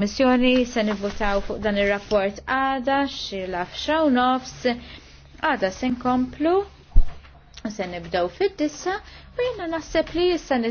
Missjoni se nivvotaw fuq dan ir-rapport għada xilaf xawnofs għada se nkomplu se nibdew fid-dissa bejna naħseb li issa